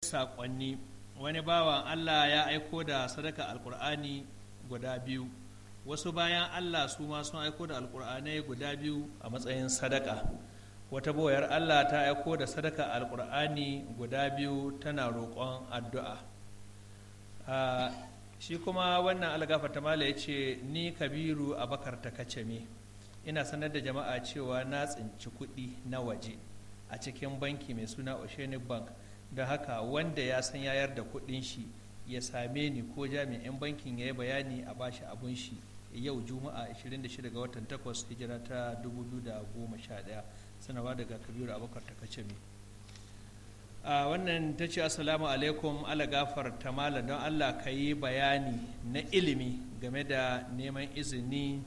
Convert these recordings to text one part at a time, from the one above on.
sakonni wani bawan Allah ya aiko da sadaka alƙur'ani guda biyu wasu bayan Allah su ma sun aiko da alƙur'anai guda biyu a matsayin sadaka wata boyar Allah ta aiko da sadaka alƙur'ani guda biyu tana roƙon addu'a shi kuma wannan algafata mala ya ce ni kabiru abakar ta kace me ina sanar da jama'a cewa na tsinci kuɗi na waje a cikin banki mai suna oceanic bank da haka wanda ya san yayar da kuɗin shi ya same ni ko jami'in bankin ya yi bayani a bashi abun shi yau juma'a 26 ga watan 8 hijira ta 2011 sanarwa daga kabiru abokar ta kace a wannan ta ce assalamu alaikum ala gafar tamala don allah ka yi bayani na ilimi game da neman izini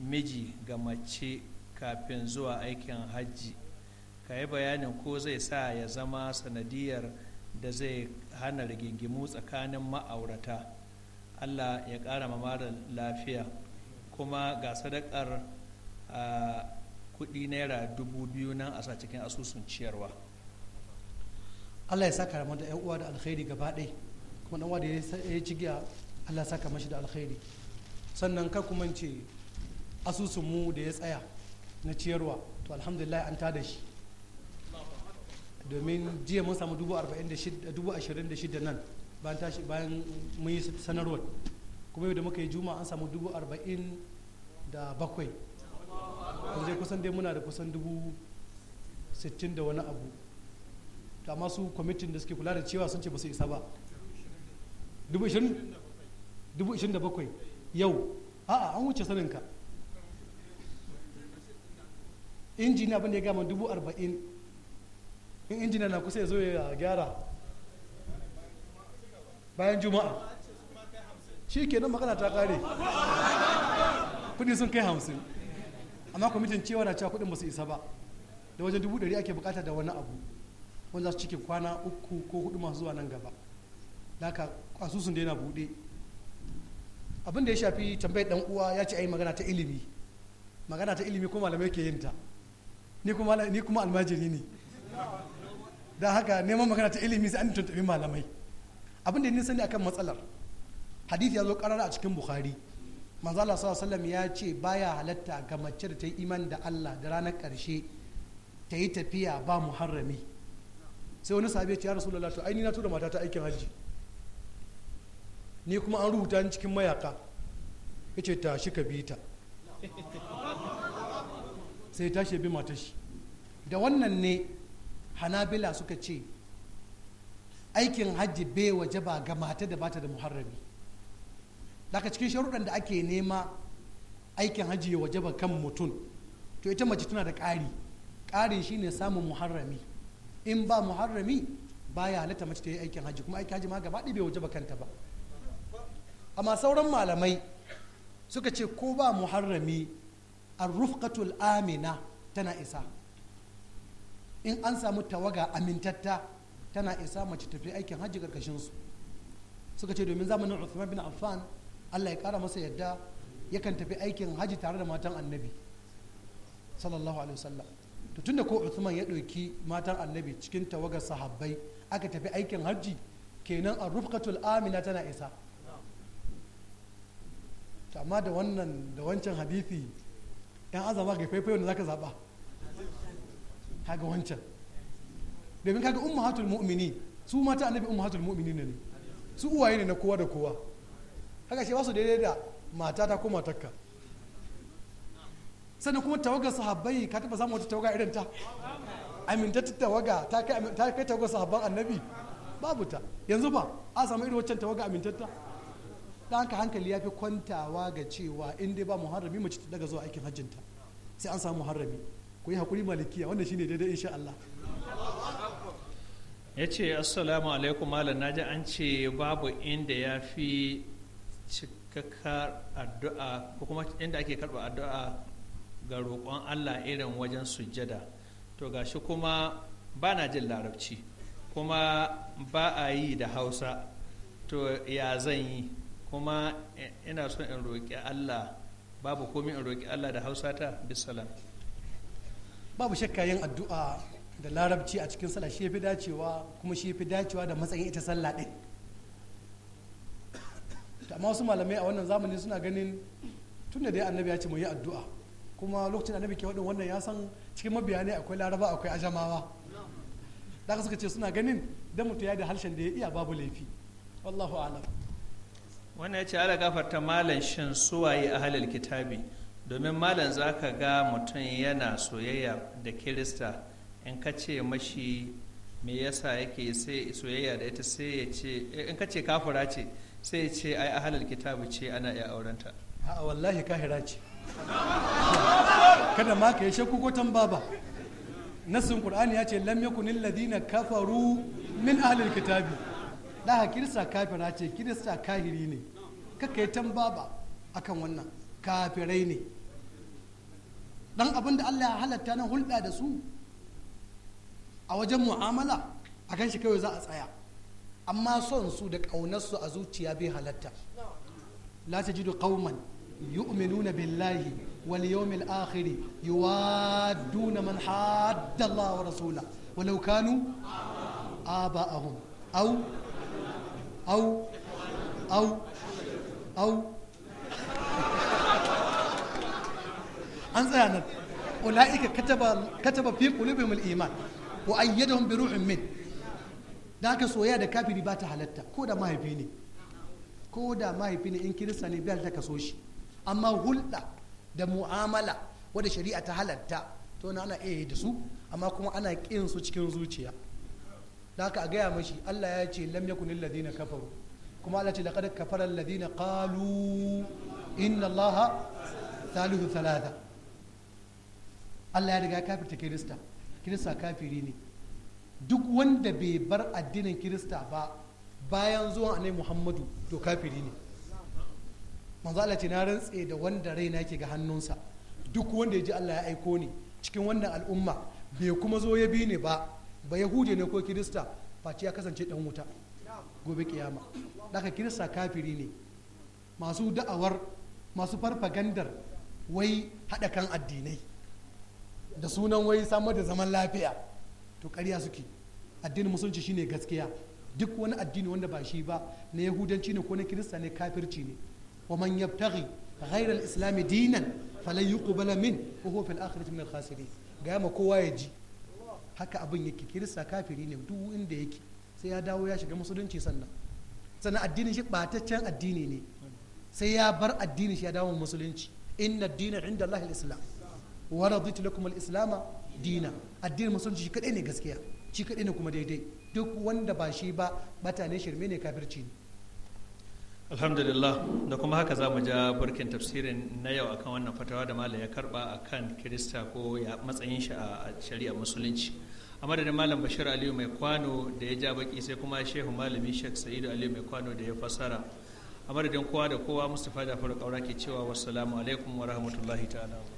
miji ga mace kafin zuwa aikin hajji ka yi bayanin ko zai sa ya zama sanadiyar da zai hana rigingimu tsakanin ma'aurata allah ya kara mara lafiya kuma ga sadakar kudi naira dubu biyu nan a sa cikin asusun ciyarwa allah ya saka mu da yan uwa da alkhairi gaba ɗai kuma ɗan uwa da ya ci giya allah ya saka mashi da alkhairi sannan ka kuma ce asusun mu da ya tsaya na ciyarwa to alhamdulillah an tada shi domin jiya mun samu dubu ashirin da shida nan bayan tashi bayan mun yi sanarwar kuma yau da muka yi juma an samu dubu arba'in da bakwai kuma kusan dai muna da kusan dubu sittin da wani abu to masu kwamitin da suke kula da cewa sun ce ba su isa ba dubu ishirin da bakwai yau a'a an wuce saninka injiniya abin da ya gama dubu arba'in in injina na kusa ya zo ya gyara bayan juma'a shi kenan magana ta kare kudi sun kai hamsin amma kwamitin cewa na cewa kudin ba su isa ba da wajen dubu ɗari ake bukata da wani abu wanda za su cikin kwana uku ko hudu masu zuwa nan gaba laka asusun da yana buɗe abin da ya shafi tambayar dan uwa ya ce a yi magana ta ilimi magana ta ilimi ko malamai ke yin ta ni kuma almajiri ne don haka neman magana ta ilimi sai an tuntuɓi malamai abin da ni sani akan matsalar hadith ya zo karara a cikin bukhari manzo Allah sallallahu alaihi ya ce baya halatta ga mace da ta yi iman da Allah da ranar karshe ta yi tafiya ba muharrami sai wani sahabi ya ce ya rasulullahi to ai ni na tura mata ta aikin hajji ni kuma an rubuta ni cikin mayaka ya ce shi ka bi ta sai tashi bi shi. da wannan ne hanabila suka ce aikin hajji bai waje ba ga mata da bata da muharrami daga cikin sharuɗan da ake nema aikin hajji ya waje ba kan mutum to ita mace tana da ƙari ƙarin shine samun muharrami in ba muharrami baya halatta mace ta yi aikin hajji kuma aikin hajji ma gaba ɗaya bai waje ba kanta ba amma sauran malamai suka ce ko ba muharrami arrufqatul amina tana isa in an samu tawaga amintatta tana isa mace tafi aikin hajji karkashin su suka ce domin zamanin Uthman bin Affan Allah ya kara masa yadda yakan tafi aikin hajji tare da matan annabi sallallahu alaihi wasallam to tunda ko Uthman ya ɗauki matan annabi cikin tawagar sahabbai aka tafi aikin hajji kenan a rufkatul amina tana isa amma da wannan da wancan hadithi yan azaba ga faifai wanda zaka zaba kaga wancan domin kaga ummahatul mu'mini su mata annabi ummahatul mu'mini ne su uwaye ne na kowa da kowa haka shi ba su daidai da matata ko matakka sannan kuma tawagar sahabbai ka taba samu wata tawaga irin ta ta tawaga ta kai tawagar sahabban annabi babu ta yanzu ba a samu irin waccan tawaga amintatta dan haka hankali ya fi kwantawa ga cewa in dai ba muharrami mace daga zuwa aikin hajjinta sai an samu muharrami ku yi hakuri malikiya wannan shine daidai insha Allah ya ce assalamu alaikum malam Na ji an ce babu inda ya fi cikakkar addu'a ko kuma inda ake karɓa addu'a ga roƙon Allah irin wajen sujjada to gashi kuma ba na jin larabci kuma ba a yi da hausa to ya zan yi kuma ina son in roƙi Allah babu komi in roƙi Allah da hausa ta bisalam babu shakka yin addu'a da larabci a cikin sallah shi fi dacewa kuma shi fi dacewa da matsayin ita sallah ɗin amma wasu malamai a wannan zamani suna ganin tun da dai annabi ya ce mu yi addu'a kuma lokacin annabi ke waɗin wannan ya san cikin mabiya ne akwai laraba akwai ajamawa da suka ce suna ganin dan mutum ya da harshen da ya iya babu laifi wallahu alam wannan ya ce ala gafarta malam shan suwaye a halar kitabi domin malam za ka ga mutum yana soyayya da kirista in ka ce mashi me yasa yake soyayya da ita sai ya ce in ka ce kafura ce sai ya ce ai ahalar kitabu ce ana iya aurenta a wallahi kahira ce kada ma ka yi shakku ko tambaba nasin qur'ani ya ce lam yakun alladhina kafaru min ahlil kitabi da kirista kafira ce kirista kahiri ne kaka yi tambaba akan wannan kafirai ne dan abin da Allah ya halatta na hulɗa da su a wajen mu'amala a kan shi kawai za a tsaya amma son su da ƙaunarsu a zuciya bai halatta la tajidu qauman yu'minuna billahi wal yawmil akhir yuwadduna man hadda Allah wa rasula walau kanu aba'ahum aw aw aw aw an tsaya nan ulaika kataba fi qulubihim al-iman wa ayyadahum bi ruhin min da haka soya da kafiri ba ta halatta ko da mahaifi ne ko da mahaifi ne in kirista ne bai ta kaso shi amma hulɗa da mu'amala wadda shari'a ta halatta to na ana iya da su amma kuma ana ƙin su cikin zuciya da aka gaya mashi Allah ya ce lam yakun alladhina kafaru kuma Allah ce laqad kafara alladhina qalu inna allaha thalithu thalatha Allah ya riga kafirta kirista kirista kafiri ne duk wanda bai bar addinin kirista ba bayan zuwan annabi Muhammadu to kafiri ne manzo Allah ce na rantse da wanda raina ke ga hannunsa duk wanda ya ji Allah ya aiko ni cikin wannan al'umma bai kuma zo ya bi ni ba ba yahudi ne ko kirista face ya kasance dan wuta gobe kiyama daga kirista kafiri ne masu da'awar masu farfagandar wai haɗa kan addinai da sunan wai samar da zaman lafiya to ƙarya suke addinin musulunci shine gaskiya duk wani addini wanda ba shi ba na yahudanci ne ko na kirista ne kafirci ne wa man yabtaghi ghayra al-islam dinan falan yuqbala min wa huwa fil akhirati min al-khasirin ga ma kowa ya ji haka abin yake kirista kafiri ne duk inda yake sai ya dawo ya shiga musulunci sannan sannan addinin shi bataccen addini ne sai ya bar addinin shi ya dawo musulunci inna ad-dina 'inda Allah al-islam wa lakum al-islam dina addinin musulunci shi kadai ne gaskiya shi kadai ne kuma daidai duk wanda ba shi ba batane shirme ne kafirci ne alhamdulillah da kuma haka za mu ja burkin tafsirin na yau akan wannan fatawa da malam ya karba akan kirista ko ya matsayin shi a shari'a musulunci a madadin malam bashir aliyu mai kwano da ya ja baki sai kuma shehu malami sheikh sa'idu aliyu mai kwano da ya fassara a madadin kowa da kowa mustapha jafaru kaura ke cewa wassalamu alaikum wa rahmatullahi ta'ala